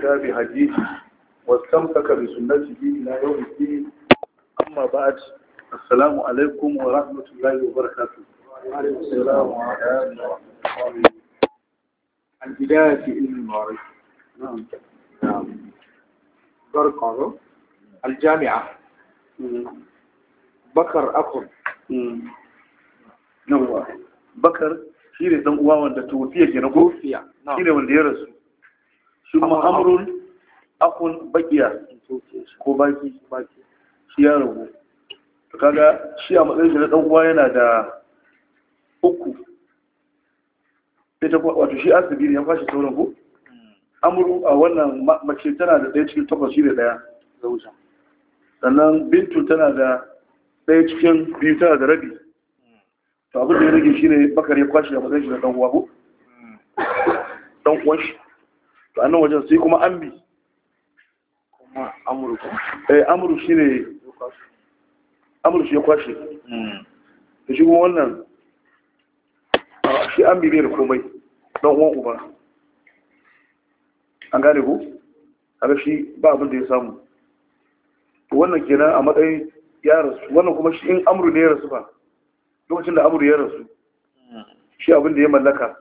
ta bi hadisi wastamtaka bi sunnati ila yawmi din amma ba'd assalamu alaikum wa rahmatullahi wa barakatuh wa alaikum assalam wa rahmatullahi wa barakatuh An bidayah ilmi al-jami'a bakar akhun bakar shi ne uwa wanda ke na shi ne wanda ya rasu summa amrun akun bakiya ko baki shi ya rabu kaga shi a matsayin shi na dan uwa yana da uku ita wato shi asibi ya fashi sauran ku amuru a wannan mace tana da ɗaya cikin takwas da ɗaya wuce. sannan bintu tana da ɗaya cikin biyu tana da rabi to abin da ya rage shi ne bakar ya kwashe a matsayin shi na ɗan uwa ko ɗan mm. uwan shi to annan wajen sai kuma ambi kuma amuru eh amuru shine amuru shi ya kwashe hmm. da shi kuma wannan shi ambi bai da komai don uwan uba an gane ku Haka shi ba abin da ya samu To wannan kenan a matsayin ya rasu wannan kuma shi in amuru ne ya rasu ba lokacin da amuru ya rasu hmm. shi abin da ya mallaka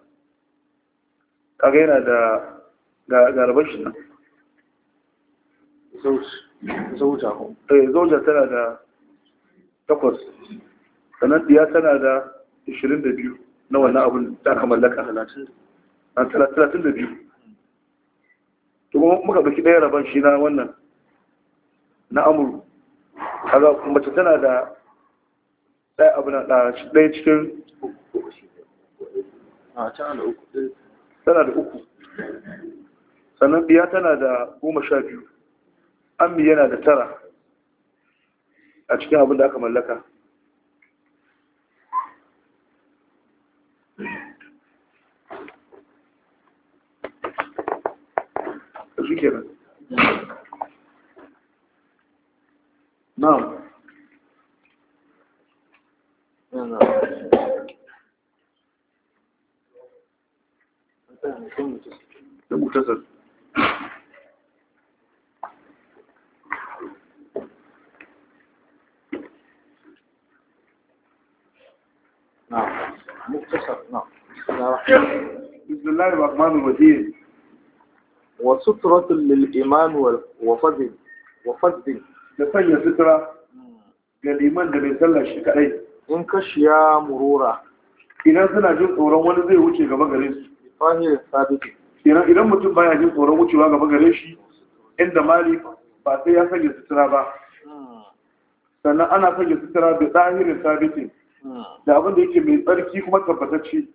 kaga yana da ga rabar shi nan zauja eh, zauja tana da takwas sannan diya tana da 22 na wannan abin da aka mallaka 32 ah, to kuma muka ɗauki ɗaya rabar shi na wannan na amuru kaga mace tana da ɗaya abu na ɗaya cikin ah, uku. tana da uku sannan biya tana da goma sha biyu ammi yana da tara a cikin abin da aka mallaka نعم مختصر نعم بسم الله الرحمن الرحيم وسترة للإيمان وفد وفضل لسنة سترة للإيمان دمين سلا الشكالي إن كشيا مرورة إذا سنة جنس ورمان زي وجه كما قريس طاهر الثابت idan mutum baya jin tsoron wucewa gaba gare shi inda mali ba sai ya sanya sutura ba sannan ana sanya da abin da yake mai tsarki kuma tabbatacce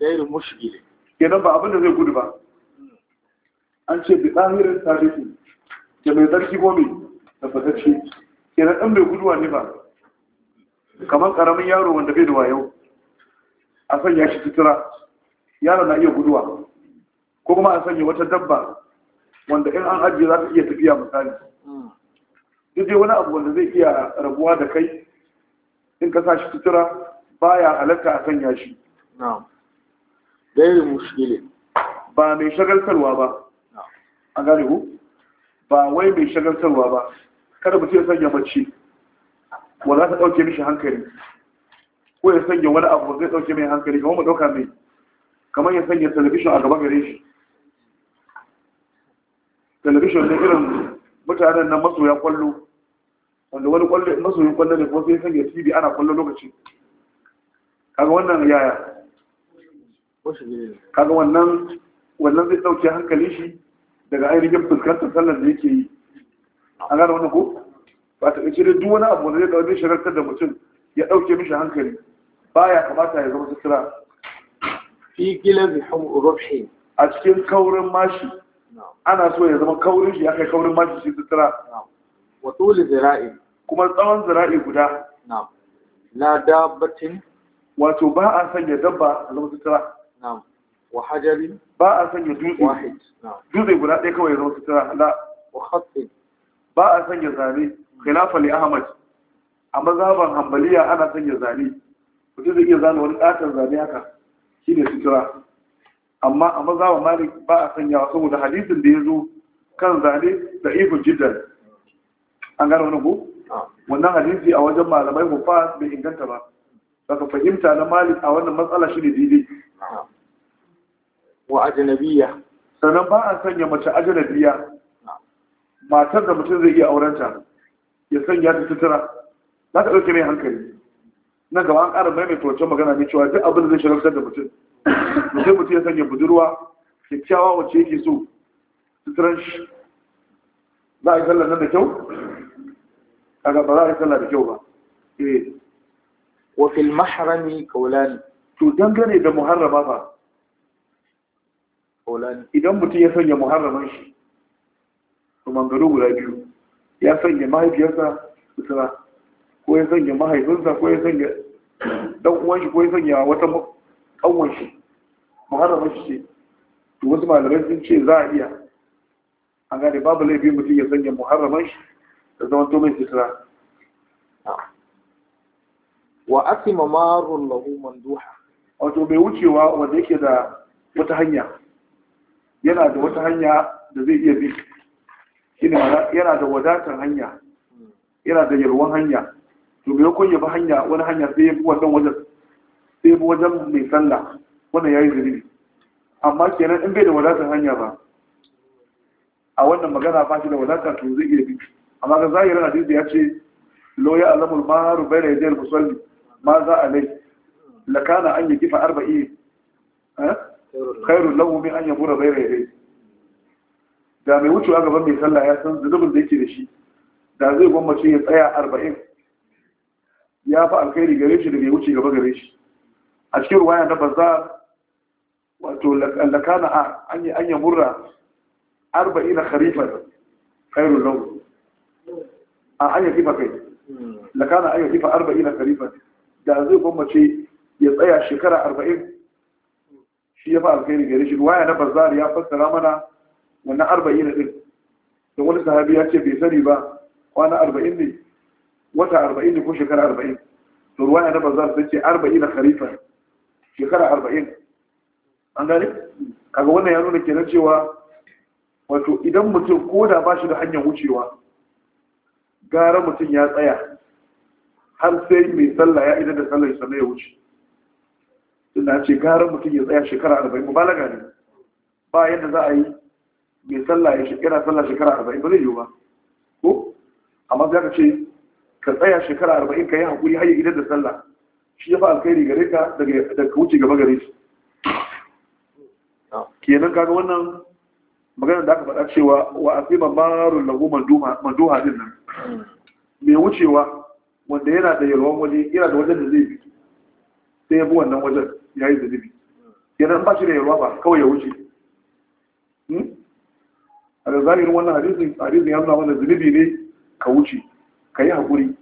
da irin mushkili kenan ba abin da zai gudu ba an ce bi tsahirin tarihi da mai tsarki ko mai tabbatacce kenan ɗan mai guduwa ne ba kamar ƙaramin yaro wanda bai da wayo a sanya shi sutura yaro na iya guduwa ko kuma a sanya wata dabba wanda in an ajiye za ta iya tafiya misali hmm. duk dai wani abu wanda zai iya rabuwa da kai in ka sa shi sutura baya halatta a sanya shi na'am gairi ba mai shagaltarwa ba a gane ku ba wai mai shagaltarwa ba kada mutum ya sanya mace wa za ta ɗauke mishi hankali ko ya sanya wani abu zai ɗauke mai hankali kamar mu ɗauka mai kamar ya sanya talabishin a gaba gare shi talabishin na irin mutanen nan masoya kwallo wanda wani kwallo masoyin kwallo ne kuma sai sanya tv ana kwallo lokaci kaga wannan yaya kaga wannan wannan zai dauke hankali shi daga ainihin fuskantar sallar da yake yi an gane wannan ko ba ta kace da duwana abu wanda zai dauke shagaltar da mutum ya ɗauke mishi hankali baya kamata ya zama sutura fi gila bi rufe a cikin kaurin mashi ana so ya zama kaurin shi ya kai kaurin mashi shi sutura wa tuli zira'i kuma tsawon zira'i guda na'am la dabbatin wato ba a sanya dabba a zama sutura na'am wa hajarin ba a sanya dutse wahid dutse guda ɗaya kawai ya zama sutura la wa khatin ba a sanya zane khilafa li ahmad a mazhaban hanbaliya ana sanya zane mutum zai iya zane wani ɗatar zane haka shine sutura amma a mazhaban malik ba a sanya saboda hadisin da ya zo kan zane da ifin jiddan an gano wani ko ah. wannan hadisi a wajen malamai hufas bai inganta ba Daga fahimta na malik a wannan matsala shi ne daidai ah. wa ajanabiya. sannan ba a sanya mace ajanabiya. Ah. matar da mutum zai iya aurenta ya sanya ta tutura za ka ɗauke mai hankali na gaba an ƙara maimaita wancan magana ne cewa duk abin da zai shagaltar da mutum mutum mutum ya sanya budurwa kyakkyawa wacce yake so suturan shi za a yi sallar nan da kyau kaga ba za ka sallah da kyau ba eh wa fil mahrami kaulani to dangane da muharrama ba kaulani idan mutum ya sanya muharraman shi to mangaro guda biyu ya sanya mahaifiyarsa sutura ko ya sanya mahaifinsa ko ya sanya dan uwan shi ko ya sanya wata kanwan shi muharraman shi ce to wasu malamai sun ce za a iya an gane babu laifi mutum ya sanya muharraman shi ta zama to min isra wa asima marun lahu manduha wato mai wucewa wanda yake da wata hanya yana da wata hanya da zai iya bi shine yana da wadatar hanya yana da yalwan hanya to bai kun yabi hanya wani hanya sai ya bi wannan wajen sai bi wajen mai sallah wannan yayi zunubi amma kenan in bai da wadatar hanya ba a wannan magana ba shi da wadatar to zai iya bi amma ga zahirin hadisi ya ce lo ya alamul maru bai da ya jayar musalli ma za a lai lakana an yi kifa arba'i eh, khairun lahu min an yamura bai da ya da mai wucewa gaban mai sallah ya san zunubin da yake da shi da zai gwammace ya tsaya arba'in ya fi alkhairi gare shi da mai wuce gaba gare shi a cikin ruwaya na baza wato lakana a an yi murra arba'in na kharifar khairun lahu A an yaki fa kai lakana an yaki fa arba'ina khalifan da zai gwammace ya tsaya shekara arba'in shi ya fa alheri. gare shi waya na bazari ya fassara mana wannan arba'in din da wani sahabi ya ce bai sani ba kwana arba'in ne wata arba'in ne ko shekara arba'in to ruwaya na bazar sun ce arba'in khalifan shekara arba'in an gane kaga wannan ya nuna kenan cewa wato idan mutum ko da ba shi da hanyar wucewa gara mutum ya tsaya har sai mai sallah ya idan da sallah ya sannan ya wuce Ina ce gara mutum ya tsaya shekara arba'in ba balaga ne ba yadda za a yi mai sallah ya shekara sallah shekara arba'in ba zai yiwu ba ko amma za ka ce ka tsaya shekara arba'in ka yi haƙuri har ya idan da sallah shi ya fa alkhairi gare ka daga ka wuce gaba gare shi kenan kaga wannan maganar da aka faɗa cewa wa asima barun lagu manduha din nan mai wucewa wanda yana da yalwan waje yana da wajen da zai bi sai ya bi wannan wajen ya yi zunubi yana ba shi da yalwa ba kawai ya wuce hmm? a da zahirin wannan hadisin hadisin ya nuna mana zunubi ne ka wuce ka yi haƙuri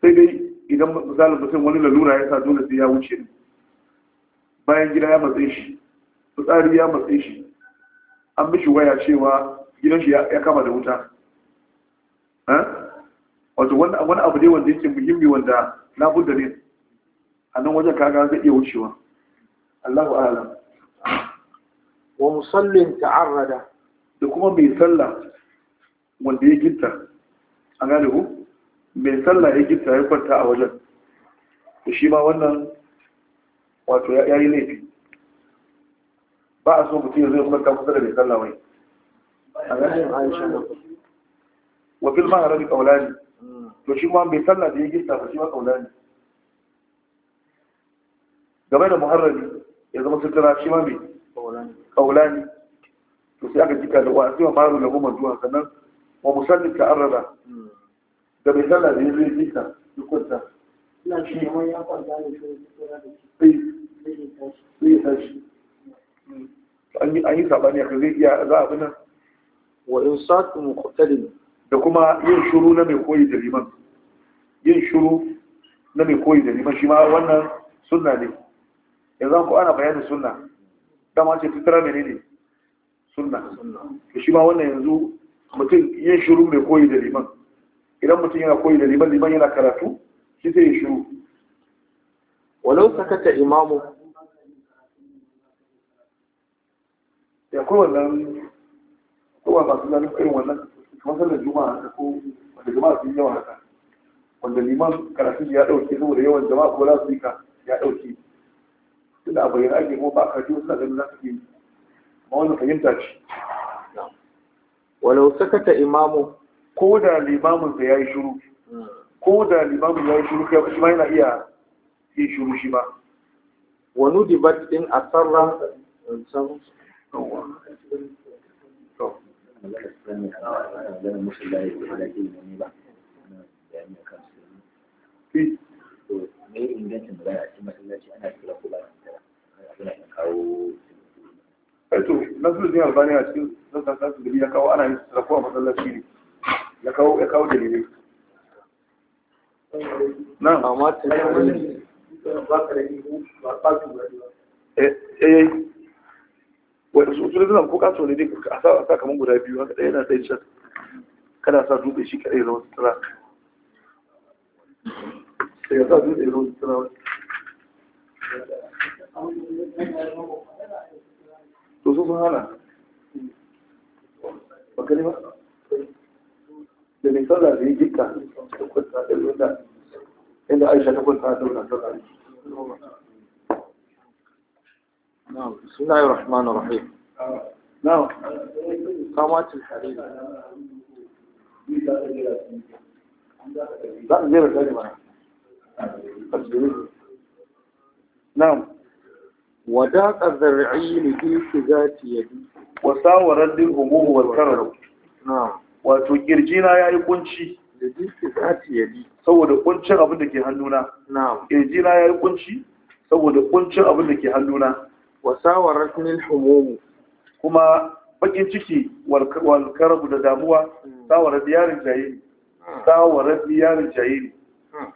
sai dai idan misalin mutum wani lalura ya sa dole sai ya wuce bayan gida ya matsayi shi fitsari ya matsayi shi an mishi waya cewa gidan shi ya kama da wuta Eh? wato wani abu ne wanda yake muhimmi wanda na labudda ne a nan wajen kaga zai iya wucewa Allahu a'lam wa musallin ta'arrada da kuma mai sallah wanda ya gitta an gane ku mai sallah ya gitta ya kwanta a wajen da shi ma wannan wato ya yi laifi ba a so mutum ya zai kwanta kusa da mai sallah wai a ganin aisha wa fil maharami kaulani hmm. to shi ma mai sallah da ya gista shi ma kaulani game da muharrami ya zama sutura shi ma mai kaulani to sai aka jika da wa sai ma da goma zuwa sannan wa musallin ta arraba hmm. da mai sallah da ya zai gista duk wata. Ina shi ne ya kwanta ne shi eh. ya tashi hmm. an yi sabani a kan zai iya za a bi nan wa in sa'atu muqtadim da kuma yin shuru na mai koyi da liman yin shuru na mai koyi da liman shi ma wannan sunna ne yanzu ku ana bayani sunna dama ce fitara mene ne sunna da shi ma wannan yanzu mutum yin shuru mai koyi da liman idan mutum yana koyi da liman liman yana karatu shi sai yi shuru walau sakata imamu ya kuma wannan kowa masu zanen irin wannan kamar sallar juma'a haka ko wanda jama'a sun yawa haka wanda liman karatun ya dauke saboda yawan jama'a ko za su yi ka ya dauke tun da bayyana ake kuma ba karatu suna ganin za su yi amma wannan fahimta ce walau sakata imamu ko da limamin sa yayi shiru ko da limamin yayi shiru kai shi ma yana iya yin shiru shi ma wa nudibat in asarra eh, magana su ne a da da ne ba bayani akan su to me ingancin a masallaci ana kira ko ba ana kawo to albani a cikin sassan gari ya kawo ana yin ko a masallaci ne ya kawo ya kawo dalilai nan amma ta yi wani ba ka da ba ba wai su suna kuka kaso ne dai a sa a sa guda biyu haka ɗaya na sai can kana sa dutse shi kaɗai zama sutura sai ya sa dutse zama sutura to sun hana ba ne ba da mai sallah da yi jikka da kwanta da inda aisha ta kwanta da wuna sallah نعم بسم الله الرحمن الرحيم نعم قامات الحرير لا غير الكلمة نعم وداق الذرعي لديك ذات يدي وساور وساورت الهموم والكرر نعم وتجرجينا يا يقنشي da ذات يدي yadi saboda kuncin abin da ke hannuna na'am kirjina yayi kunci saboda kuncin abin wasawarar nil humumu kuma bakin ciki wal karabu da damuwa hmm. sawarar diyarin jahili hmm. sawarar diyarin jahili hmm.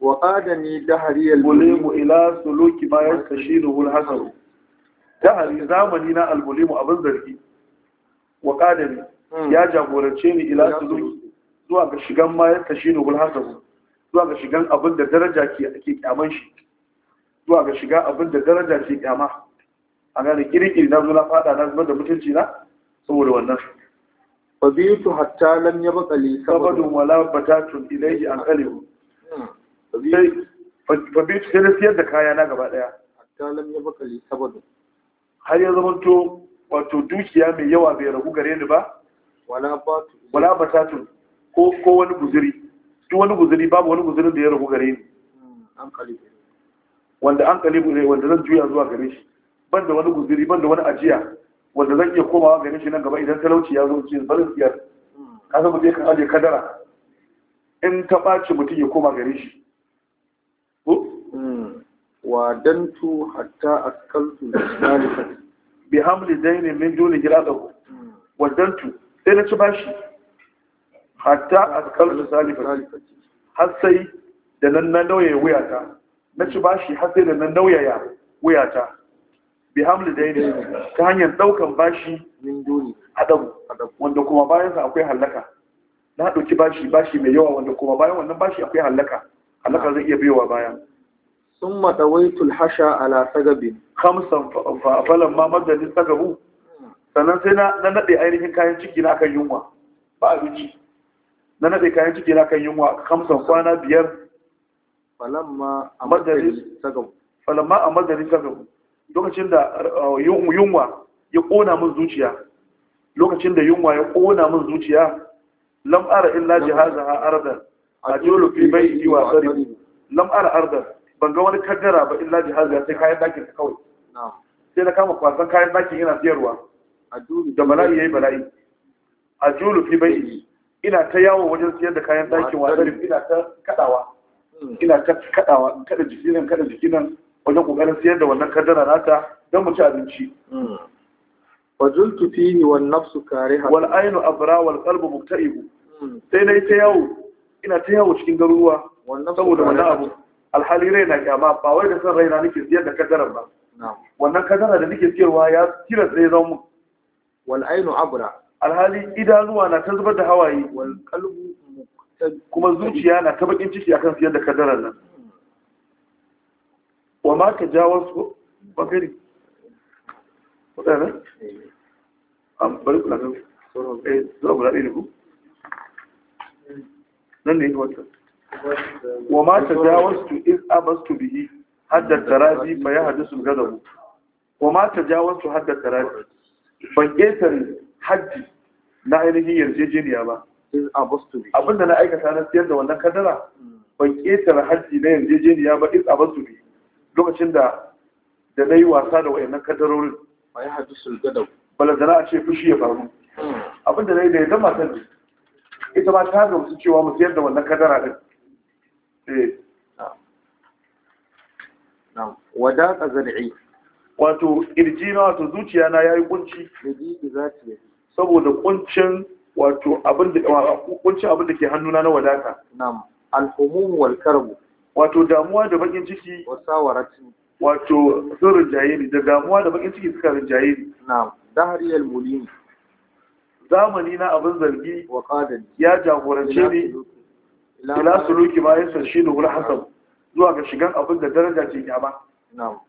wa adami dahari al-mulimu ila suluki ma yastashiruhu al-hasaru dahari zamani na al-mulimu abin zargi wa adami ya jagorance ni ila suluki zuwa ga shigan ma yastashiruhu al-hasaru zuwa ga shigan abin da daraja ke ake kyaman shi zuwa ga shiga abin da daraja ke kyama a gane kirkiri na zula fada na zuba da mutunci na saboda wannan fa biyu hatta nan ya bakali saboda wala batatun ilaihi an kalibu hmm. fa biyu sai da siyar da kaya na gaba daya hatta nan ya bakali saboda har ya to wato dukiya mai yawa bai ragu gare ni ba wala batatun ko ko wani guzuri duk wani guzuri babu wani guzuri da ya ragu gare ni hmm, wanda an kalibu ne wanda zan juya zuwa gare shi ban da wani guziri ban da wani ajiya wanda zan iya komawa gare shi nan gaba idan talauci ya zo ce barin siyar ka san mutum kan ajiye kadara in ta ɓaci mutum ya koma gare shi hmm. wa dantu hatta askaltu salifat bi hamli ne min dole ku wa dantu sai na ci bashi hatta askaltu salifat har sai da nan na nauyaya wuyata na ci bashi har sai da nan nauyaya wuyata bi hamli da yanayi ta hanyar daukan bashi min adabu wanda kuma bayansa akwai hallaka na dauki bashi bashi mai yawa wanda kuma bayan wannan bashi akwai hallaka hallaka zai iya biyowa baya ثم دويت الحشا على ثغب خمسا ma مدني sagabu sannan sai na nade ainihin kayan ciki na kan yunwa ba ruci na nade kayan ciki na kan yunwa kamsan kwana biyar falamma a sagabu falamma a madari sagabu Uh, lokacin da yunwa ya ƙona min zuciya lokacin da yunwa ya kona min zuciya lam ara illa ha arda ajulu fi bayti wa sari lam ara arda ban ga wani kaddara ba illa jihaza sai kayan dakin ta kawai sai na kama kwasan kayan dakin yana siyarwa da bala'i yayi bala'i ajulu fi bayti ina ta yawo wajen siyar da kayan dakin wa sari ina ta kadawa hmm. ina ta kadawa kada jikinan kada jikinan wajen kokarin siyar da wannan kaddara nata don mu ci abinci hmm. tufi ni wani nafsu kariha wal aynu abra wal ta ibu. Hmm. sai na yi ta yawo ina ta yawo cikin garuruwa saboda wani abu alhali rai na kyama ba wai da san raina nake siyar da kaddaran ba wannan kaddara da nake siyarwa ya kira sai zan mu wani ainihin abura alhali idanuwa na ta zubar da hawaye wal qalbu kuma zuciya na ta bakin ciki akan siyar da kaddaran nan wa ma ka jawo su bakari wa ma ta jawo su abastu bihi haddar tarazi fa ya hadisu gadabu wa ma ta jawo su haddar ban ƙetare hajji na ainihin yarjejeniya ba abinda na aikata na siyar da wannan kadara ban ƙetare hajji na yarjejeniya ba is abastu bihi lokacin da da na yi wasa da wayannan kadarorin, ba balazana a ce fushi ya faru hmm. abinda na yi da ya zama sandi ita ma ta wasu cewa musu yadda wannan kadara ɗin eh na wada wato irji na wato zuciya na ya yi kunci saboda kuncin wato abinda abin da ke hannuna na wadata na'am wal karbu wato damuwa da bakin ciki wato sun rinjaye ne da damuwa da bakin ciki suka rinjaye ne na dahariyar mulini zamani na abin zargi ya jagorance ne ila suluki ma ya sarshi da wuri hasan zuwa ga shigan abin da daraja ke kyama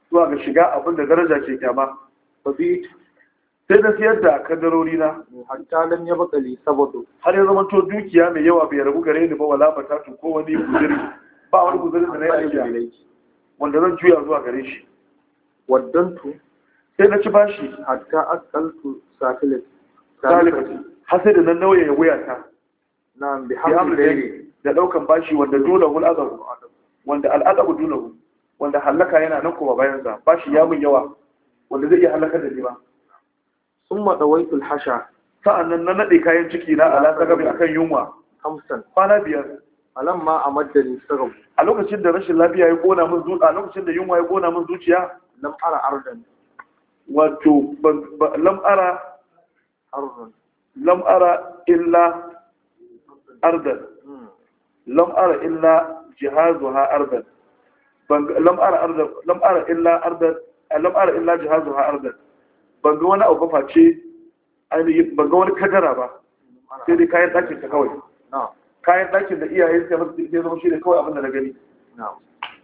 zuwa ga shiga abin da daraja ke kyama sai da siyar da kadarori na hatta lam ya bakali saboda har yi zama to dukiya mai yawa bai rabu gare ni ba wala batatu ko wani gudiri ba wani guzurin da na yi wanda zan juya zuwa gare shi waddantu sai na ci bashi hatta a sakilat satelit. har sai da nan ya wuya ta na bi hamdi da daukan bashi wanda dole hul azabu wanda al'adabu dole wanda halaka yana nan kuma bayan sa bashi ya mun yawa wanda zai iya halakar da ni ba matsa dawaitul hasha nan na nade kayan ciki na ala sagabi akan yunwa kwana biyar falamma amaddani sagabu a lokacin da rashin lafiya ya kona min zuciya a lokacin da yunwa ya kona min zuciya ardan wato ardan illa ardan hmm. lam'ara illa jihazuha ardan lam ardan illa ardan eh, ardan ban ga wani abu face ainihin ban ga wani kadara ba sai dai kayan ɗakin ta kawai na'am kayan ɗakin da iyaye suka masu ya zama shi ne kawai abin da na gani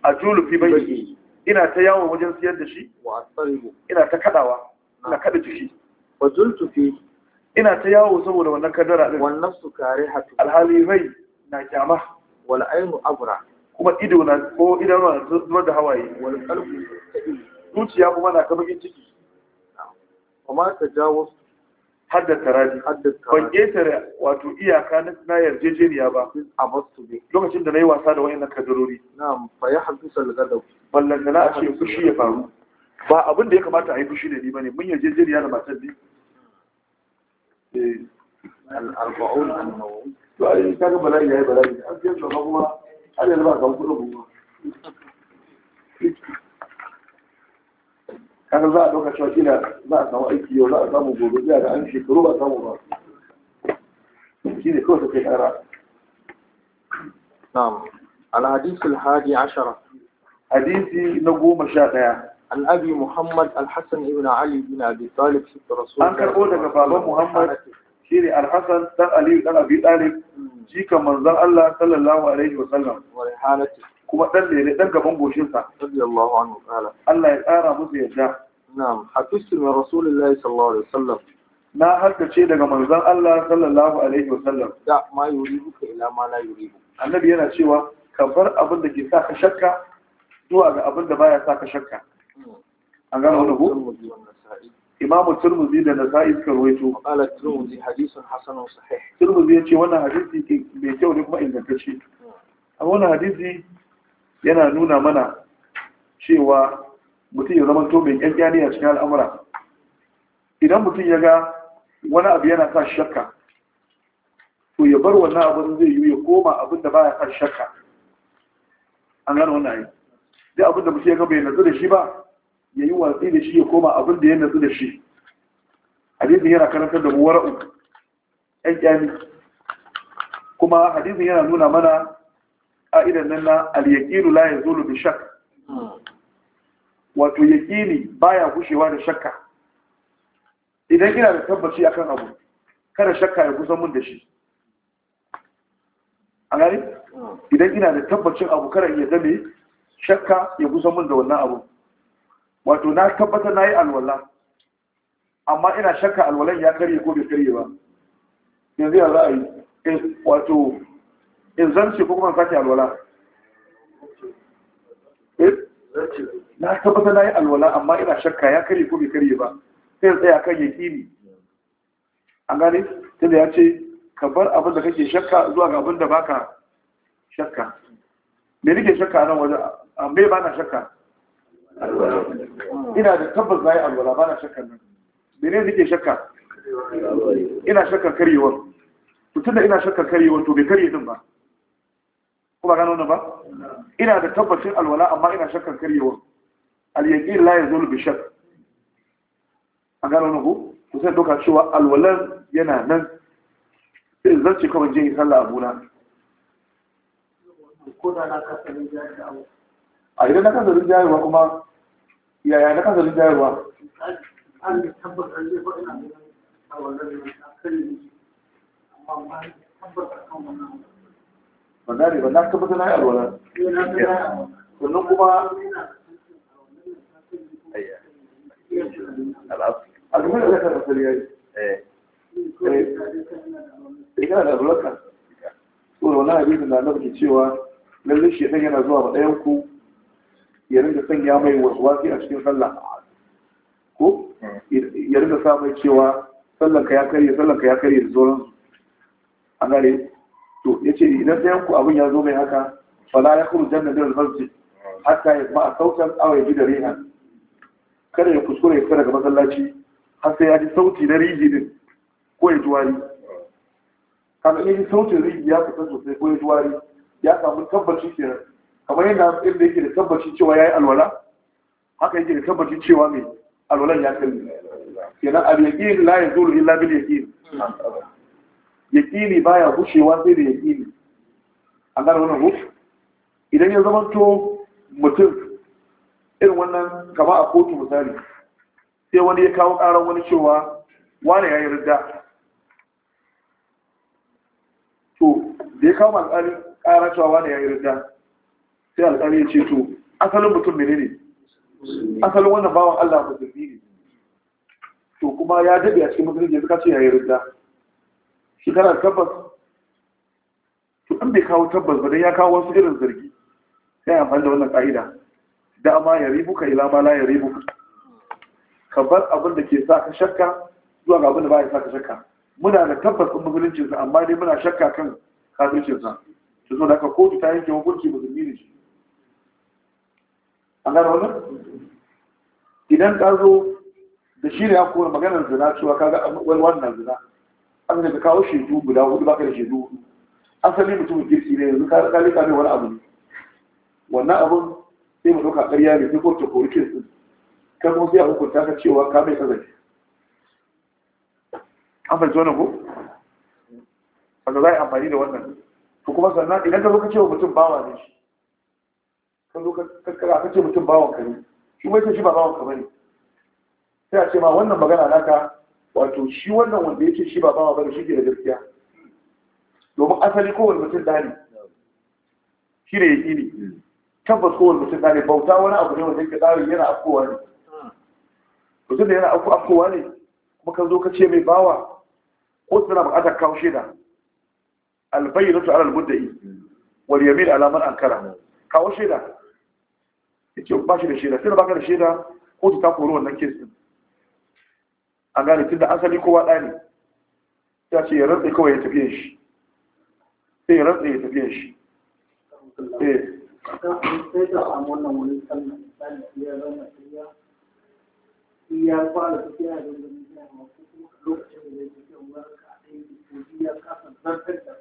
a fi bai ina ta yawon wajen siyar da shi ina ta kaɗawa ina kaɗa jiki wa zultufi ina ta yawo saboda wannan kadara din wannan su kare hatu alhali rai na kyama wal ainu abra kuma ido na ko idan na zubar da hawaye wal qalbu zuciya kuma na ta ciki amma ta jawo haddar taraji ban ƙetare wato iyaka na na yarjejeniya ba a masu ne lokacin da na yi wasa da wayannan kadarori na'am fa ya hadisa al-ghadab ballan da na ce fushi ya faru ba abin da ya kamata a yi fushi da ni bane mun yarjejeniya da matar ne eh. al-arba'un an-nawawi to ai kaga bala'i yayi bala'i an ce ba kuma har yanzu ba kan kudin kuma kaga za a ɗauka cewa kila za a samu aiki yau za a samu gobe jiya da an shekaru ba samu ba shi ne kawai kai ƙara na'am al-hadith ashara hadisi na goma sha ɗaya an muhammad Alhassan ibn ali bin abi talib rasul an karɓo daga baban muhammad shi ne al-hasan dan ali dan abi talib hmm. jika manzon allah sallallahu alaihi wa sallam wa rihanatihi kuma dan lele dan gaban goshin sa radiyallahu anhu ta'ala Allah ya tsara musu yadda na'am hafistu min rasulillahi sallallahu alaihi wasallam na harkace daga manzon Allah sallallahu alaihi wasallam da ma yuribuka ila ma la yuribu annabi yana cewa ka bar abin da ke sa ka shakka zuwa ga abin da baya sa ka shakka an gano wani hu imamu turmuzi da nasa'i suka rawaito qala turmuzi hadisun hasanun sahih turmuzi yace wannan hadisi mai kyau ne kuma ingantacce hmm. a wannan hadisi yana nuna mana cewa mutum ya zama tobe yan ƙyanƙyani a cikin al'amura idan mutum ya ga wani abu yana sa shakka to ya bar wannan abin zai yi ya koma abin da baya sa shakka an gano wannan yi dai abin da mutum ya ga bai natsu da shi ba ya yi watsi da shi ya koma abin da ya natsu da shi hadisin yana karantar da mu wara'u ƴan ƙyani kuma hadisin yana nuna mana ƙa'idan nan na al-yaqilu la yazulu bi shakk wato yaqini baya gushewa da shakka idan ina da tabbaci akan abu kada shakka ya kusan mun da shi a gani idan ina da tabbacin abu kada ya zame shakka ya kusan mun da wannan abu wato na tabbata na yi alwala amma ina shakka alwalan ya karye ko bai karye ba yanzu ya za a yi eh, wato in zance ko kuma sake alwala eh? na tabbata na yi alwala amma ina shakka ya karye ko bai karye ba sai tsaya kan ya kini an gane tunda ya ce ka bar abin da kake shakka zuwa ga abin da baka shakka me nake shakka nan waje amma ba na shakka ina da tabbas na yi alwala ba na shakka nan ne nake shakka ina shakkar karyewar mutum da ina shakkar karyewar to bai karye din ba kuma gano na ba ina da tabbacin alwala amma ina shakkar karyewa al-yaqin la yazulu bi shakk A gano na Ku to sai doka cewa alwalan yana nan sai zance kuma je yi sallah abuna a idan na kasa rinjayarwa kuma yaya na kasa rinjayarwa an ba ne ba na tabbata na yi alwala sannan kuma a game da zaka da sariya yi eh, eh, Ina da alwala to da wani hadisin da na ke cewa lallai shi ɗan yana zuwa ba ɗayan ku ya rinka sanya mai wasu wasi a cikin sallah ko ya rinka sa mai cewa sallanka ya karye sallanka ya karye da sauransu an gane to ce idan ɗayan ku abin ya zo mai haka fala ya kuru janna da al haka ya ya a sautan awa ya ji da rihan kada ya kuskure ya fita daga masallaci har sai ya ji sauti na riji din ko ya ji wari kamar in sautin rigi ya fita sosai ko ya ji wari ya samu tabbaci kenan kamar yana inda yake da tabbaci cewa ya yi alwala haka yake da tabbaci cewa mai alwalan ya kalli kenan al yaqin la yazulu illa bil yaqin yakini baya gushewa sai da yakini an gane wannan hukun idan ya zama to mutum irin wannan kama a kotu misali sai wani ya kawo ƙaran wani cewa wane ya yi rida to da ya kawo alƙalin ƙaran cewa wane ya yi rida sai alƙali ya ce to asalin mutum mene ne asalin wannan bawan allah musulmi ne to kuma ya daɗe a cikin musulmi ya suka ce ya yi rida shekara tabbas to an bai kawo tabbas ba dan ya kawo wasu irin zargi sai a amfani da wannan ka'ida da ma ya ka ila ma la ya ribu ka bar abin da ke sa ka shakka zuwa ga abin da ba ya sa ka shakka muna da tabbas ɗin musuluncinsa amma dai muna shakka kan kafircinsa ta zo da aka kotu ta yanke hukunci musulmi ne shi an gano wannan idan ka zo da shi ne ya kora maganar zina cewa kaga wani wannan zina aka da kawo shedu guda hudu baka da shedu hudu asali mutum girki ne yanzu ka rika wani abu ne. wannan abun sai mu ɗauka ƙarya ne sai kowace kori ke ɗin kan kuma sai a hukunta ka cewa ka mai kazafi an fahimci wannan ko wanda za a yi amfani da wannan Ko kuma sannan idan ka zo ka ce wa mutum bawa ne shi ka zo ka ce mutum bawan ka ne shi mai sai shi ba bawan ka ne sai a ce ma wannan magana naka wato shi wannan wanda ya ce shi ba bawa bane shi ke da gaskiya domin asali kowane mutum da ne shi ne yake ne tabbas kowane mutum da ne bauta wani abu ne wanda yake tsarin yana afkowa ne mutum da yana afkowa ne kuma kan zo ka ce mai bawa ko suna bukatar kawo shaida albayyana su alal muddai wal yamin alamar ankara kawo shaida ce ba shi da shaida sai baka da shaida ko ta koro wannan kesin A gane tun da asali kowa ɗa ne ya ce ya rantse kawai ya tafiye shi sai ya rantse ya tafiye shi ya fara tafiya da wani lokacin da ya tafiya wani ya kasa zartar da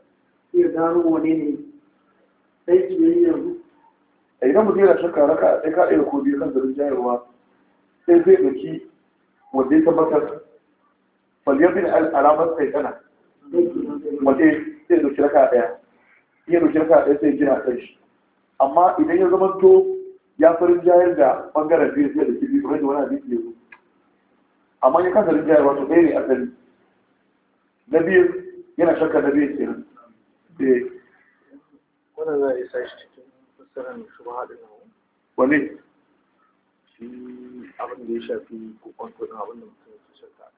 ya gano wane ne sai ki yi yanzu idan mutum yana shakka raka sai ka ɗaya ko biyu kan zarin jayarwa sai zai ɗauki wanda ya tabbatar falyabin alamar sai tana wanda sai dauki raka daya iya dauki raka daya sai jira kai shi amma idan ya zama to ya farin jayar da bangaren biyu sai da kibi kamar da wani abin ya zo amma ya kasa rinjayar wato ɗaya ne asali na biyu yana shakka na biyu kenan eh. wannan za a isa shi cikin fassarar shubha din nan wani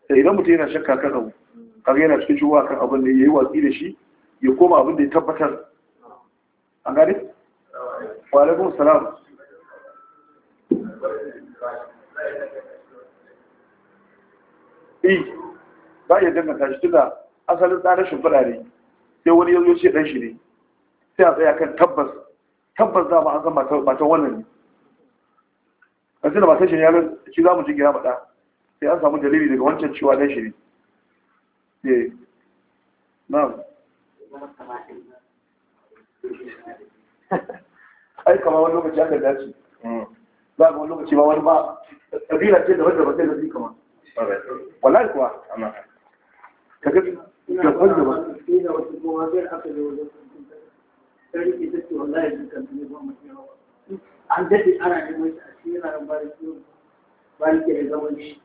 Eh, idan mutum yana shakka kan abu hmm. kaga yana cikin cewa kan abin da ya yi watsi da shi ya koma abin da ya tabbatar hmm. an gani? wa salam eh ba ya danganta shi tunda asalin tsarin fada ne sai wani yanzu ce ɗan shi ne sai a tsaya kan tabbas tabbas za mu an zama matan wannan ne kasu da masu shi yanar shi za mu ci gina faɗa sai an samu dalili daga wancan cewa shiri ne eh. na ai kama wani lokaci aka dace hmm. za a wani lokaci ba wani ba ɗabila ce da wadda ba sai da zai kama wallahi kuwa ka ga da wadda ba sai an daɗe ana neman shi a cikin yana bayan kiwon bayan ke da zaman shi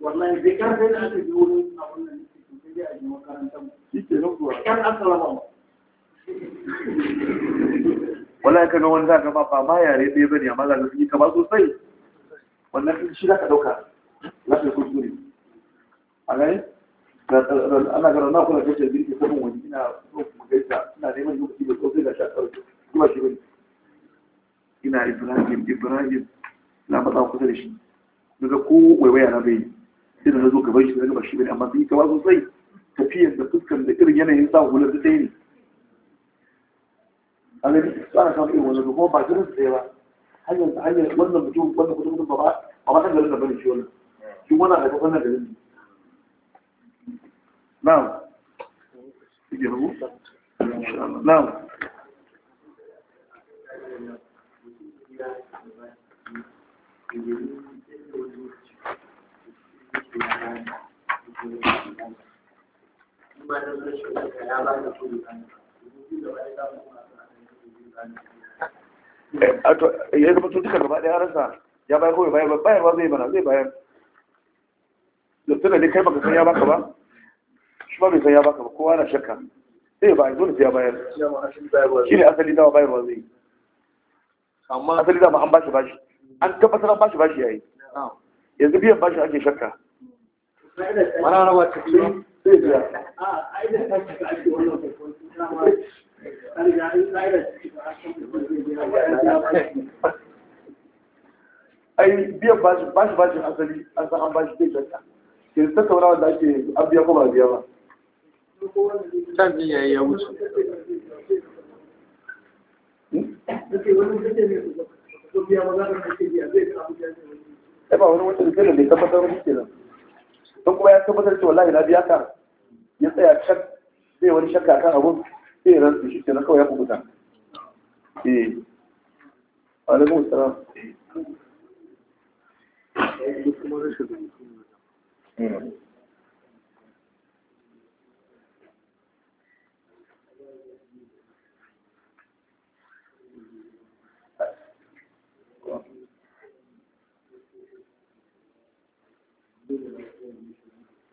wallahi zai karfe sai da aka ji wurin abin nan sai dai a ji makarantar shi ke nan kuwa kan an salama ba wallahi kaga wani zaka ma ba ma yare ɗaya ne, amma za ka yi kama sosai wannan shi zaka dauka lafiya kuskure a gani ana gara na kula kashe birki sabon wani ina so mu gaisa ina neman lokaci da sosai da shakar kuma shi ne. ina ibrahim ibrahim na ba ku da shi daga ko waiwaya na bai sai da na zo gaban shi daga ba shi bane amma ka wazo sai tafiyar da fuskar da irin yanayin sa hular da ɗaya ne an gani su ana wannan kuma ba jirin su ɗaya ba hanyar hanyar wannan mutum wannan mutum mutum ba ba ba kan garin da bane shi wannan shi wannan haifar wannan garin ne na'am na'am Eh, ya zama a gaba ɗaya a ya bayar kawai bayar bayarwa zai mana zai bayar da tuna ne kai baka san ya baka ba shi ba bai san ya baka ba kowa na shakka zai bayar dole ya bayar shi ne asali dama bayarwa zai amma asali dama an bashi bashi an kafa an bashi bashi yayi yanzu biyan bashi ake shakka mana sai biya ai biyan bashi bashi bashi asali an san an bashi zai shakka ta saurawa da ake an biya ba biya ba can ya wuce hmm? ai ba wani wancan kai da bai tabbatar wani ke nan don kuma ya tabbatar cewa wallahi na biya ka ya tsaya can sai wani shakka kan abun sai ran su shi ke nan kawai ya kubuta eh alaikum salam eh, kuma rashin ta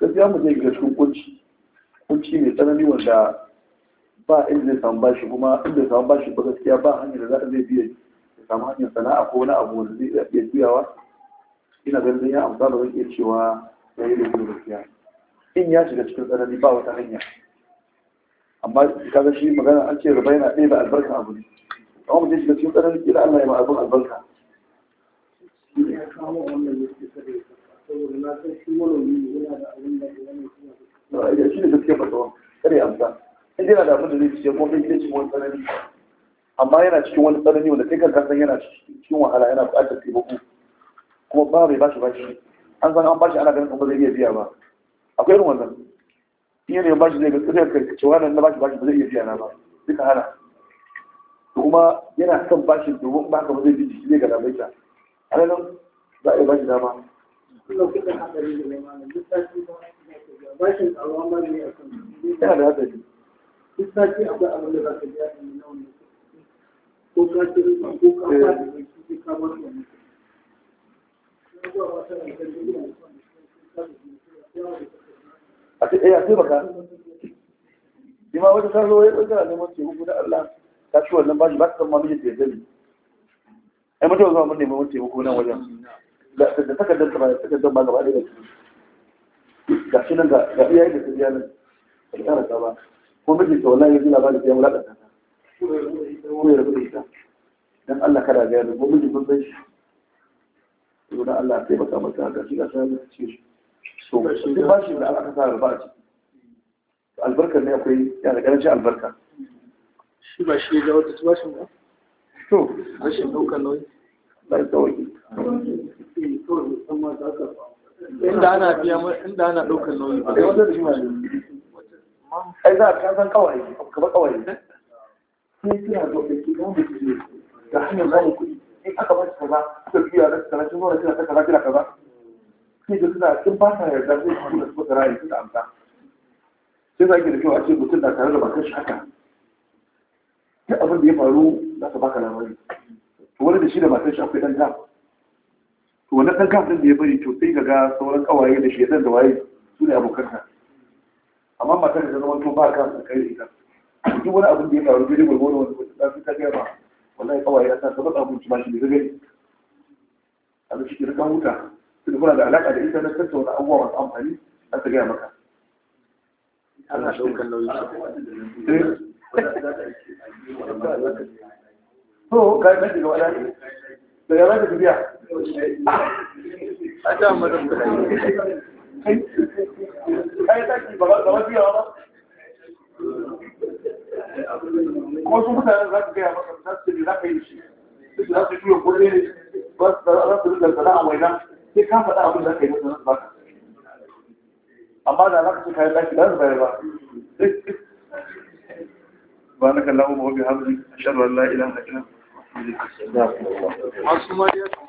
gaskiya mu zai ga cikin kunci kunci mai tsanani wanda ba inda zai samu bashi kuma inda zai samu bashi ba gaskiya ba hanyar da za a zai biya ya samu hanyar sana'a ko wani abu wanda zai iya juyawa ina ganin zai ya amsa ba zan iya cewa ya yi laifin gaskiya in ya shiga cikin tsanani ba wata hanya amma ga shi magana an ce riba yana ɗaya da albarkar abu ne kawai mutum shiga cikin tsananin kila Allah ya ma'azin albarka ya kawo wannan ne saboda na shi da abin da shi ne amsa yana da abin da zai cikin wani tsanani amma yana cikin wani tsanani wanda kai san yana cikin wahala yana buƙatar taimako kuma ba mai bashi bashi an san an bashi ana ganin kuma zai iya biya ba akwai irin wannan in yana bashi zai ga tsirrai kai cewa nan na bashi bashi ba zai iya biya na ba duka hana kuma yana son bashi domin ba ka zai bi jiki ne ga damaita a ranar za a yi bashi dama yana da hatsari akwai da za ka biya da ko ka ko ka da ka da a ce eh ce baka ima wata sarrawa ya ɗauka da neman teku na Allah ta ci wannan bashi ba ta san ma mijinta ya zami ai mutum zuwa mun nemi mun taimako nan wajen da takardar ta ba da takardar ba gaba ɗaya ga shi nan ga iyayen da ta biya nan ba ƙara ta ba ko mijinta wallahi ya ji labarin ta ya wulaƙanta ta ko ya rabu da ita dan Allah kada ga yaro ko mijin mun san shi to dan Allah sai baka mata ga shi ga sai ci to duk bashi da aka sa ruba a ciki albarkar ne akwai yana da ƙarancin albarka shi ba shi ya wata ta bashin ba to rashin ɗaukar nauyi bai kawai inda ana biya inda ana ɗaukar nauyi ba shi ai za ka san kawai gaba kawai sai biya zo da ke gamu ne da hanyar zai kuɗi in aka ba shi kaza suka biya da kaza sun zo da kaza kaza kaza kaza sai da suna sun ba sa yarda zai kuma da suka rayu suka amsa sai za ki da kyau a ce mutum na tare da matar shi haka duk abin da ya faru za ka baka labari to wani da shi da matar shi akwai dan gaf to wani dan gaf din da ya bari to sai ga sauran kawaye da shedan da waye su ne abokan ka amma matar da zama to ba ka kai ita duk wani abin da ya faru dai gurgurun wani da su ta ga ba wallahi kawaye ya sa ta baka abinci ba shi da gani a da shi ka huta tunda muna da alaka da ita na tattauna abubuwa masu amfani a ta gaya maka ana daukan nauyi to ga ga shiga wala da ya zaka tafiya a ta mata kai kai ta ki ba ba ba ko su mutane za ka gaya maka za su za ka yi shi za su yi kuɗi ne ba za su da za a waina, sai ka faɗa abin da ka yi masa ba ka amma da za ka ci kayan daki za zai ba ba na kallon mawabi hamdi a shaɗu Allah ilaha ilaha